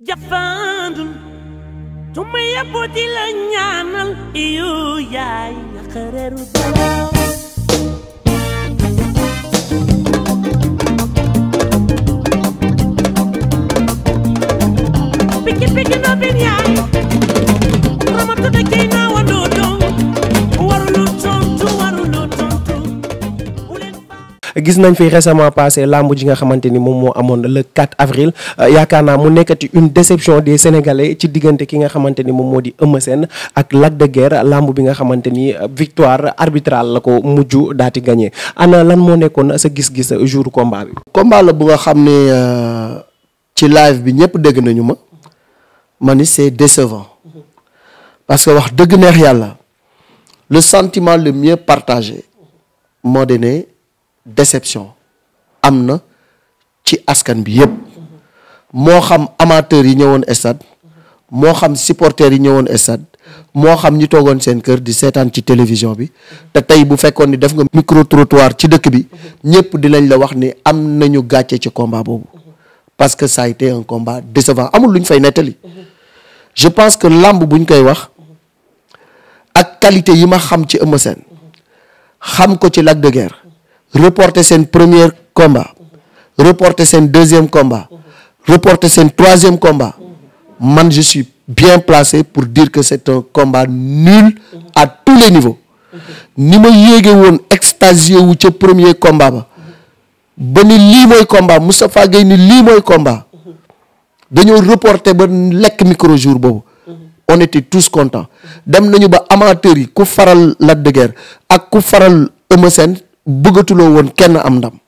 jafandul su ma yeboo di la ñaanal iyo yaay xereeru dalaw piki piki no yaay ramatu da gis nañ fi récemment passé lamb ji nga xamante ni moom moo amoon le 4 avril euh, yaakaar naa mu nekkati une déception des sénégalais ci diggante ki nga xamante ni moom moo di Eumeu Sène ak Lac de Guiers lamb bi nga xamante ni euh, victoire arbitrale la ko mujj daati gagné ana lan moo nekkoon sa gis-gis jour combat bi. combat la bu nga xam ne euh, ci live bi ñëpp dégg nañu ma ma ni c'est décevant parce que wax dëgg neex yàlla le sentiment le mieux partagé moo di ne déception am na ci askan bi yëpp moo xam amateur yi ñëwoon stade moo xam supporters yi ñëwoon stade moo xam ñi toogoon seen kër di seetaan ci télévision bi te tey bu fekkoon ni def nga micro ci dëkk bi ñëpp dinañ la wax ni am nañu gàcce ci combat boobu parce que ça te été un combat décevant amul lu ñu fay nettali je pense que làmb buñ koy wax ak qualité yi ma xam ci Eumeu Sène xam ko ci Lac de Guerre reporter seen premier combat reporter seen deuxième combat reporter seen troisième combat man je suis bien placé pour dire que c'est un combat nul à tous les niveaux ni ma yéege woon extasié wu ca premier combat ba ba ni lii mooy combat Moustapha Gueye ni lii mooy combat dañoo reporter ba lekk micro jour boobu on était tous contents dem nañu ba amateurs yi ku faral Lac de ak ku faral Eumeu Sène buggatuloo woon kenn am ndam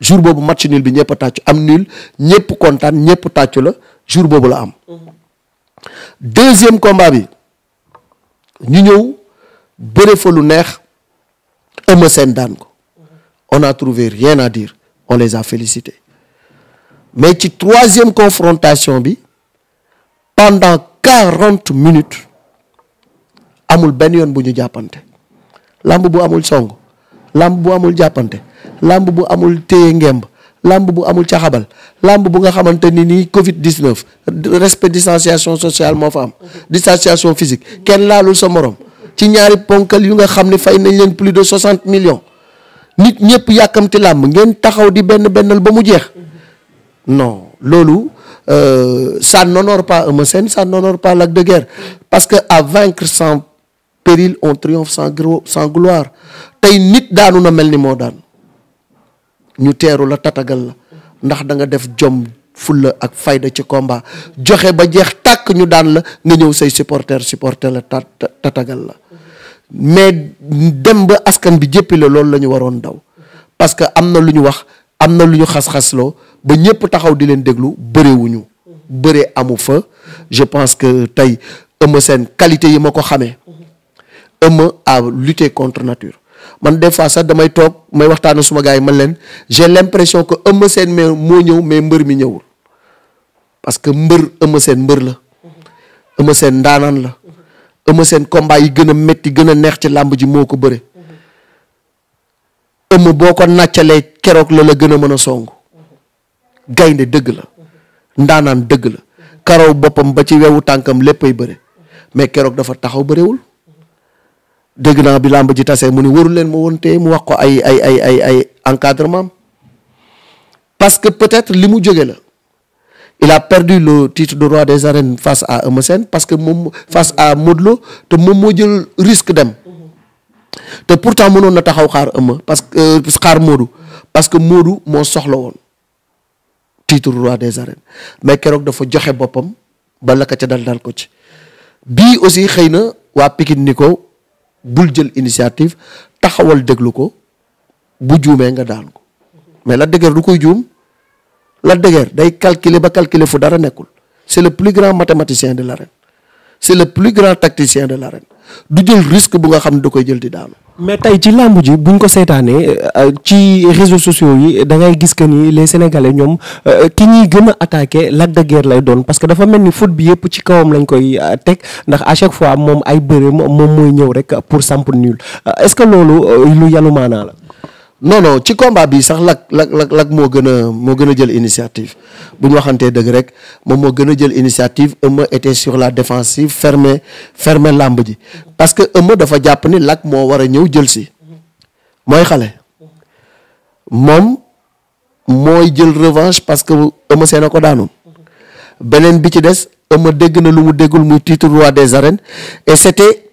jour boobu match nul bi ñëpp tàccu am nul ñëpp kontaan ñëpp tàccu la jour boobu la am deuxième combat bi ñu ñëw bëre fa lu neex Eumeu Sène daan ko on a trouvé rien à dire on les a félicités mais ci troisième confrontation bi pendant quarante minutes amul benn yoon bu ñu jàppante lamb bu amul song làmb bu amul jàppante làmb bu amul téye ngemb làmb bu amul caxabal làmb bu nga xamante ni nii Covid 19 respect distanciation sociale moo fa am. distanciation physique kenn laalul sa morom ci ñaari ponkal yu nga xam ne fay nañ leen plus de 60 millions nit ñëpp yàkkamti làmb ngeen taxaw di benn bennal ba mu jeex non loolu. Euh, ça n'honore pas Eumeu Sène ça n'honore pas Lac de Guiers parce que à vaincre sans péril on triomphe sans sans gloire tey nit daanu na mel ni moo daan ñu teeru la tatagal la ndax da nga def jom fulla ak fayda ci combat joxe ba jeex tàkk ñu daan la nga ñëw say supporter supporter la ta tatagal la mais dem ba askan bi jéppi la loolu la ñu waroon daw parce que am na lu ñu wax am na lu ñu xas-xasloo ba ñëpp taxaw di leen déglu bëreewuñu bëre amu fa je pense que tey Eumeu seen qualité yi ma ko xamee ëmma à lutter contre nature man des fois sax damay toog may waxtaan suma gars yi man leen j'ai l'impression que Eumeu seen mais moo ñëw mais mbër mi ñëwul parce que mbër Eumeu seen mbër la ama seen ndaanaan la Eumeu seen combat yi gën a métti gën a neex ci làmb ji moo ko bëre Eumeu boo ko nàccalee keroog la la gën a mën a song gaynde dëgg la ndaanaan dëgg la karaw boppam ba ci wewu tànkam léppay bëre mais keroog dafa taxaw bërewul dégg naa bi làmb ji tasee mu ni warul leen ma woon mu wax ko ay ay ay ay ay encadrement parce que peut-être li mu jóge la il a perdu le titre de roi des arènes face à Eumeu Sène parce que moom face à Modou te moom moo jël risque dem te pourtant mënoon na taxaw xaar Eumeu parce que euh, xaar Modou parce que Modou moo soxla woon titre roi des arènes mais keroog dafa joxe boppam ba la ko ca dal dal ko ci bii aussi xëy na waa Pikine ni ko bul jël initiative taxawal déglu ko bu juumee nga daan ko mais la dëgër du koy juum la dëgër day calculer ba calculer fu dara nekkul c' est le plus grand mathématicien de l'arène c' est le plus grand tacticien de l'arène du jël risque bu nga xam ne da koy jël di daanu mais tey ci làmb ji buñ ko seetaanee euh, ci réseaux sociaux yi da ngay gis que ni les sénégalais ñoom euh, ki ñuy gën a attaqué Lac de Guiers lay doon parce que dafa mel ni foot bi yëpp ci kawam lañ koy euh, teg ndax à chaque fois moom ay bëreem moom mooy ñëw rek pour samp nul est-ce que loolu lu yalu maanaa la. non non ci combat bi sax lak lak lak lak moo gën a moo gën a jël initiative bu ñu waxantee dëgg rek moom moo gën a jël initiative Eumeu était sur la défensive fermé fermé làmb ji parce que Eumeu dafa jàpp ni lag moo war a ñëw jël si mooy xale moom mooy jël revanche parce que Eumeu Sène a ko daanu beneen bi ci des Eumeu dégg na lu mu déggul muy titre roi des arènes et c'était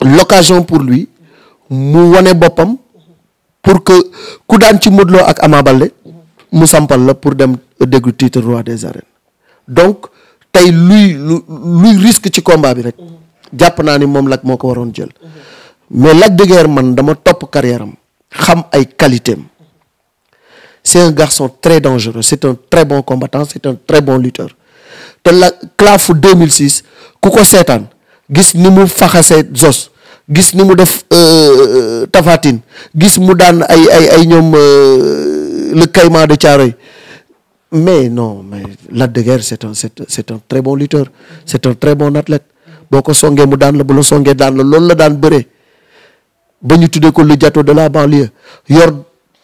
l'occasion pour lui mu wane boppam pour que ku daan ci Modou ak Ama Baldé mu sampal la pour dem déglu titre roi des arènes donc tey luy luy risque ci combat bi rek jàpp naa ni moom Lac moo ko waroon jël mais Lac de man dama topp carrière am xam ay qualité am c'est un garçon très dangereux c'est un très bon combattant c'est un très bon lutteur te la CLAFou 2006 ku ko seetaan gis ni mu faxasee Zos gis ni mu def euh, tafatin gis mu daan ay ay ay ñoom euh, le caïman de Thiaroye mais non mais Lac de Guiers c'est un c'est un très bon lutteur c'est un très bon athlète boo ko songee mu daan la bu la songee daan la loolu la daan bëree ba ñu tuddee ko le jato de la banlieue yor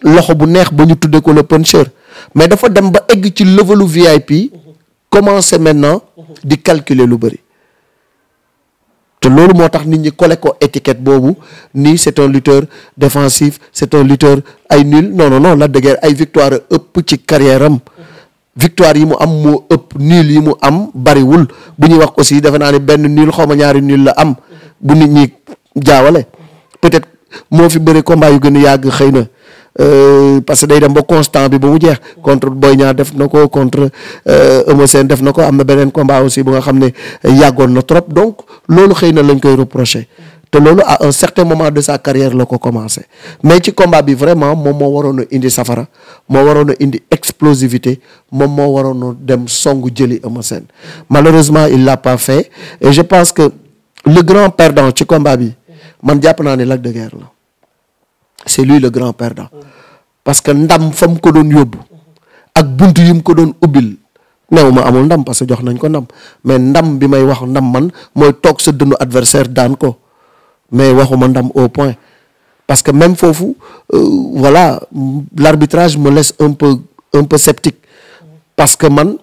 loxo bu neex ba ñu tuddee ko le puncher mais dafa dem ba egg ci levelu VIP commencer maintenant di calculer lu bëri loolu moo tax nit ñi collé ko étiquette boobu ni c'est un lutteur défensif c'est un lutteur ay nul non la non ay victoire ëpp ci carrière am victoire yi mu am moo ëpp nul yi mu am bariwul bu ñuy wax aussi defe naa ne benn niil xaw ma ñaari niil la am bu nit ñi jaawale peut-être moo fi bëri combat yu gën yàgg xëy na Euh, parce que day dem ba constant bi ba mu jeex contre Boy Niang def na ko contre euh, Eumeu Sène def na ko am na beneen combat aussi bu nga xam ne yàggoon na trop donc loolu xëy na lañ koy reprocher te loolu à un certain moment de sa carrière la ko commencé mais ci combat bi vraiment moom moo waroon a indi safara moo waroon a indi explosivité moom moo waroon a dem songu jëli Eumeu Sène malheureusement il l'a pas fait et je pense que le grand perdant ci combat bi man jàpp naa ne Lac de la c'est lui le grand perdant parce que ndam fa mu ko doon yóbbu ak bunt yi mu ko doon ubbil néew ma amul ndam parce que jox nañ ko ndam mais ndam bi may wax ndam man mooy toog sa dëndu adversaire daan ko mais waxuma ndam au point parce que même foofu euh, voilà l'arbitrage me laisse un peu un peu sceptique parce que man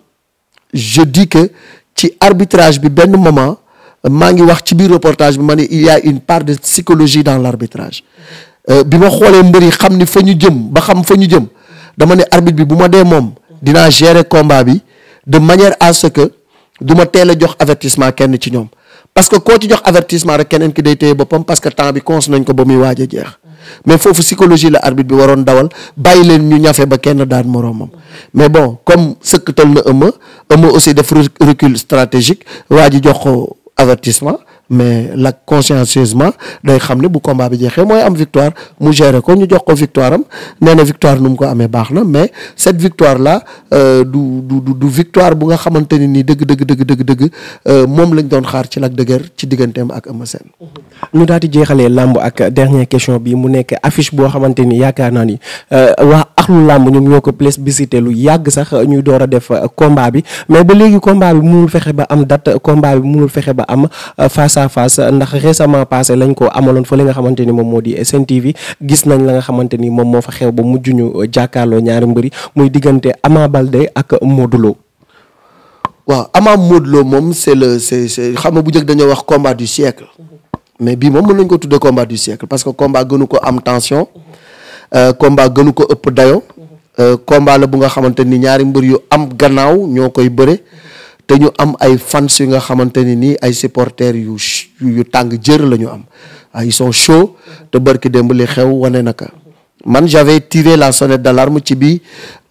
je di que ci arbitrage bi benn moment maa ngi wax ci biir reportage bi ma ne il y une part de psychologie dans l'arbitrage Euh, bi ma xoolee mbëri xam ni fa ñu jëm ba xam fa ñu jëm dama ne arbitre bi bu ma dee moom dinaa gérer combat bi de manière à ce que du ma teel a jox avertissement kenn ci ñoom parce que koo ci jox avertissement rek keneen ki day téye boppam parce que temps bi cons nañ ko ba muy waaj a jeex mais foofu psychologie la arbitre bi waroon dawal bàyyi leen ñu ñafe ba kenn daan moroomam mais bon comme sëkkatal na ëmma ëmma aussi def recul stratégique waa ji jox ko avertissement mais Lac consciencieusement day xam ne bu combat bi jeexee mooy am victoire mu gérer ko ñu jox ko victoire am nee na victoire nu ko amee baax na mais cette victoire la euh, du du du victoire bu nga xamante ne nii dëgg dëgg dëgg dëgg dëgg euh, moom lañ doon xaar ci Lac de Guiers ci digganteem ak Eumeu mm-hmm. ñu daal di jeexalee làmb ak dernière question bi mu nekk affiche boo xamante ni yaakaar naa ni euh, waa axlu làmb ñoom ñoo ko plébiscité lu yàgg sax ñuy door a def combat bi mais ba léegi combat bi fexe ba am date combat bi mënul fexe ba am face à sa ndax récemment passé lañ ko amaloon fa li nga xamante ni moom moo di Sen TV gis nañ la nga xamante ni moom moo fa xew ba mujj ñu jàkkaarloo ñaari mbëri muy diggante Ama Baldé ak Modou Lo. waaw Ama Modou moom c'est le c'est c'est xam nga bu njëkk dañoo wax combat du siècle bii moom mën nañu ko tuddee combat du parce que combat gënu ko am tension euh, combat gënu ko ëpp dayo euh, combat la bu nga xamante ni ñaari mbër yu am gannaaw ñoo koy bëre. te ñu am ay fans yu nga xamante ni nii ay supporters yu yu tàng jër la ñu am ay ah, ils sont te barki démb li xew wane naka man j'avais tiré la sonnette d'alarme ci bi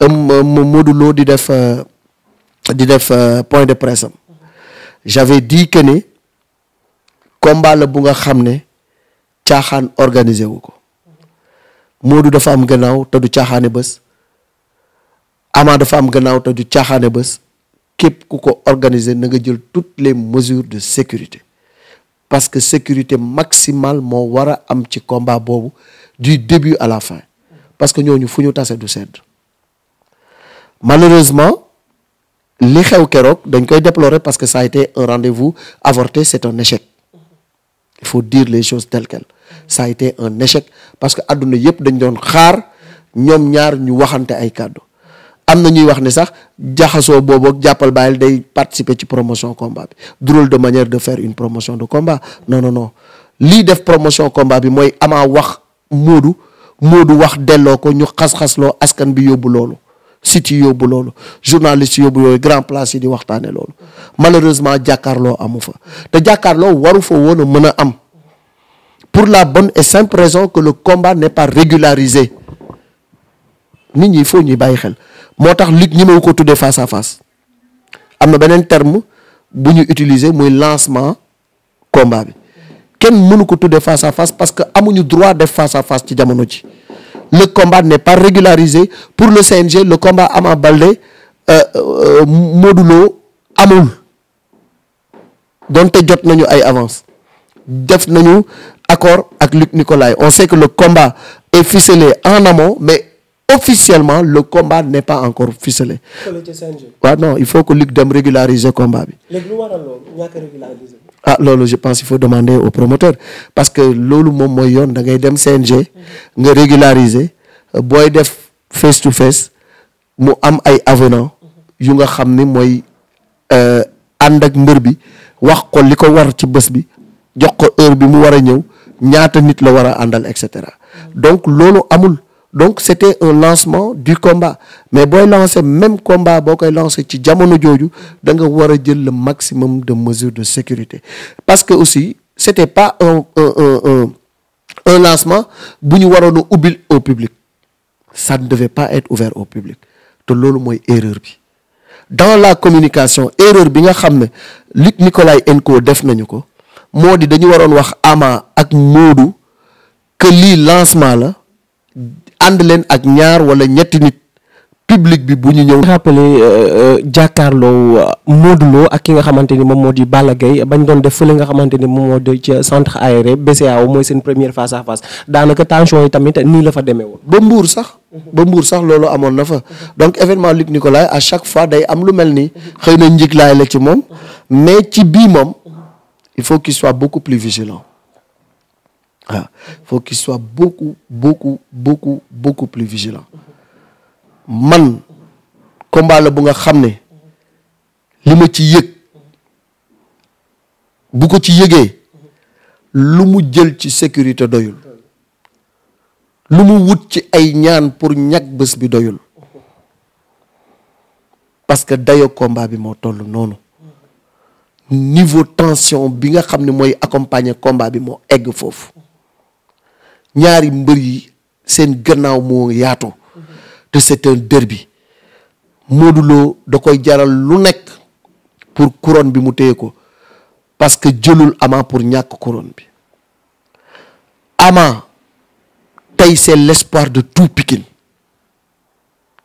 um, um, Modou Lo di def euh, di def euh, point de presse am j'avais dit que ni combat bu nga xam ne caaxaan organisé wu ko Modou dafa am gannaaw te du caaxaane bés Ama dafa am gannaaw te du caaxaane bés képp ku ko organiser na nga jël toutes les mesures de sécurité parce que sécurité maximale moo war a am ci combat boobu du début à la fin parce que ñooñu fu ñu tase du sedd malheureusement li xew keroog dañ koy déplorer parce que ça a été un rendez-vous c'est un échec il faut dire les choses telles quelles un échec parce que àdduna yëpp dañ doon xaar ñoom ñaar ñu waxante ay kàddu am na ñuy wax ne sax jaxasoo boobu ak jàppal bàyyil day participer ci promotion combat bi drôle de manière de faire une promotion de combat non non non lii def promotion combat bi mooy Ama wax Modou Modou wax delloo ko ñu xas-xasloo askan bi yóbbu loolu site yi yóbbu loolu journaliste yóbbu yooyu grand place yi di waxtaane loolu malheureusement jàkkaarloo amu fa te jàkkaarloo waru fa woon a mën a am pour la bonne et simple raison que le combat n'est pas nit ñi il ñuy bàyyi xel moo tax lutte ñi ma ko tuddee face à face am na beneen terme bu ñu utiliser muy lancement combat bi kenn mënu ko tuddee face à face parce que amuñu droit def face à face ci jamono ji le combat n'est pas régularisé pour le CNG le combat Ama Baldé euh, euh, Modou Lo amul donte jot nañu ay avance def nañu accord ak Luc Nicolaï on sait que le combat est ficelé en amont officiellement le combat n'est pas encore ficelé. waaw non il faut que Luc dem régulariser combat bi. léegi lu waral loolu ñàkk ah loolu je pense il faut demander au promoteur parce que loolu moom mooy yoon dangay ngay dem CNG. nga régulariser euh, booy def face to face mu am ay avenant yu nga xam ni mooy euh, ànd ak mbër bi wax ko li ko war ci bés bi jox ko heure bi mu war a ñëw ñaata nit la war a àndal et cetera donc loolu amul. donc c'était un lancement du combat mais booy lancer même combat boo koy lancer ci jamono jooju danga war a jël la maximum de mesures de sécurité parce que aussi c'était pas un un un un lancement bu ñu waroon a ubbil au public ça ne devait pas être ouvert au public te loolu mooy erreur bi dans la communication erreur bi nga xam ne Luc Nicolaï Enco def nañu ko moo di dañu waroon wax Ama ak Modou que lii lancement la ànd leen ak ñaar wala ñetti nit public bi bu ñu ñëw. rappelé euh, euh, jàkkaarloo euh, Modou Lo ak ki nga xamante ni moom moo di Balla Gaye bañ doon def fële nga xamante ni moom moo di ca centre aéré BCAO mooy seen première face à face daanaka tension yi tamit nii la fa demee woon. ba Mbour sax. ba Mbour sax loolu amoon na fa. donc événement Luc Nicolaï à chaque fois day am lu mel ni. xëy na njëg laay la ci moom. mais ci bii moom. il faut qu'il soit beaucoup plus Ah. faut qu'il soit beaucoup beaucoup man combat la bu nga xam ne li ma ci yëg bu ko ci yëgee lu mu jël ci sécurité doyul lu mu wut ci ay ñaan pour ñag bés bi doyul parce que dayo combat bi moo toll noonu niveau tension bi nga xam ne mooy accompagner combat bi moo egg foofu ñaari mbër yi seen gannaaw moo yaatu te c'est un derby Modou Lo da koy jaral lu nekk pour couronne bi mu téye ko parce que jëlul Ama pour ñàkk couronne bi Ama tey c'est l'espoir de tout Pikine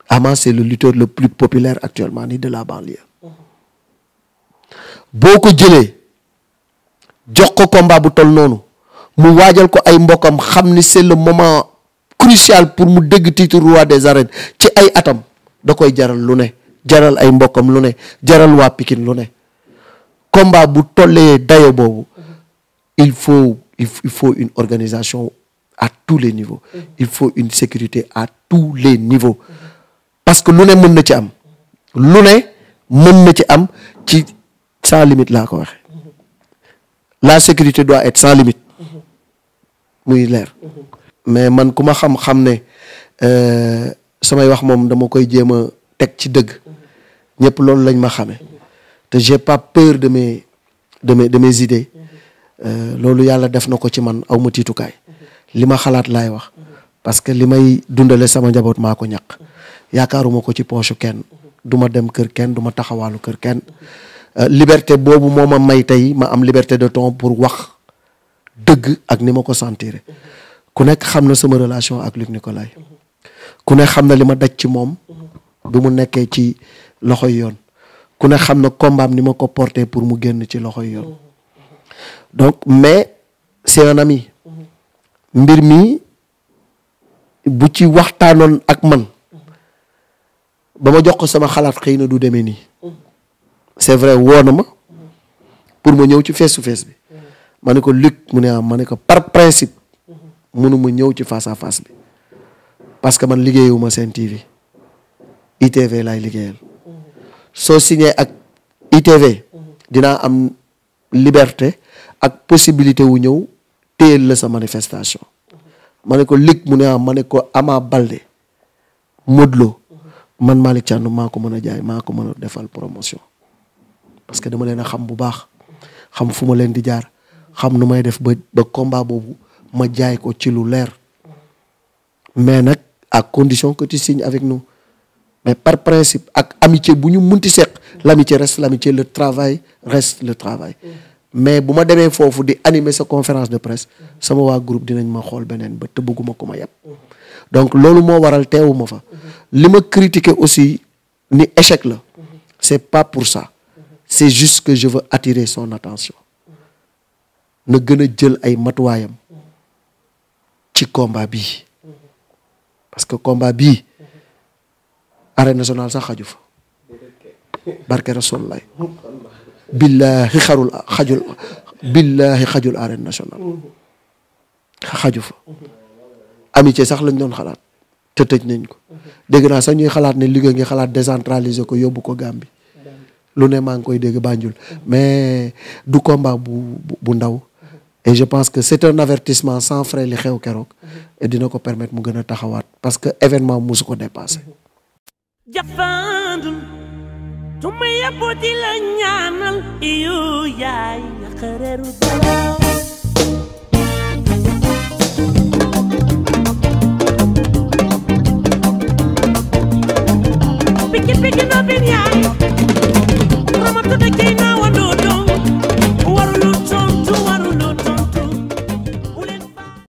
Ama c'est le lutteur le plus populaire actuellement ni de la banlieue boo ko jëlee jox ko combat bu tol noonu mu waajal ko ay mbokkam xam ni c'est le moment crucial pour mu dégg titre roi des arènes ci ay atam da koy jaral lu ne jaral ay mbokkam lu ne jaral waa Pikine lu ne combat bu tollee dayo boobu il faut il faut une organisation à tous les niveaux il faut une sécurité à tous les niveaux parce que lu ne mën na ci am lu ne mën na ci am ci sans limite laa ko waxe la sécurité doit muy leer mais man ku ma xam-xam ne euh, samay wax moom dama koy jéem a teg ci dëgg ñëpp loolu lañ ma xame te j'ai pas peur de mes de mes de euh, loolu yàlla def na ko ci man aw ma tiitukaay li ma xalaat laay wax parce que li may dundale sama njaboot maa ko ñàq yaakaaruma ko ci poche kenn duma dem kër kenn du ma taxawaalu kër kenn euh, liberté boobu moo ma may tey ma am liberté de ton pour wax dëgg ak ni ma ko sentir ku nekk xam na sama relation ak Luc Nicolaï ku ne xam na li ma daj ci moom bi mu nekkee ci loxo yoon ku ne xam na combat ni ma ko porte pour mu génn ci loxo yoon donc mais c'est un ami mbir mi bu ci waxtaanoon ak man ba ma jox ko sama xalaat xëy na du demee nii c'est vrai woo na ma pour ma ñëw ci face to bi ma ne ko Luc mu ne ah ma ne ko par principe mënu ma ñëw ci face à bi parce que man liggéeyuma seen TV ITV laay liggéeyal soo signé ak ITV dinaa am liberté ak possibilité wu ñëw téyel la sa manifestation ma ne ko Luc mu ne ah ma ne ko Ama Baldé Modou Lo man Malick Thiandou maa ko mën a jaay maa ko mën a defal promotion parce que dama leen a xam bu baax xam fu ma leen di jaar xam nu may def ba ba combat boobu ma jaay ko ci lu leer mais nag à condition que tu signes avec nous mais par principe ak amitié bu ñu munti seq l'amitié reste l'amitié le travail le travail mais bu ma demee foofu di animer sa conférence de presse sama waa groupe dinañ ma xool beneen ba te bëgguma ko ma yàpp donc loolu moo waral ma fa li ma critiquer aussi ni échec la c'est pas pour ça c'est juste que je veux attirer son attention na gën a jël ay matuwaayam ci combat bii parce que combat bii arène nationale sax xaju fa barke rasulilah billaahi xajul billaahi national xaju fa amitié sax lañ doon xalaat te tëj nañ ko dégg naa sax ñuy xalaat ne liggéey ngi xalaat décentraliser ko yóbbu ko Gambie lu ne maa ngi koy dégg Banjul mais du combat bu bu ndaw je pense que c'est un avertissement sans frais li xew keroog mm-hmm. et dina ko permettre mu gën a taxawaat parce que événement musu ko dépassé mm-hmm. jafandu tu ma yebbu di la ñaanal yu yaay naqareeru borom Piki piki no bin yaay Roma tuta kii naa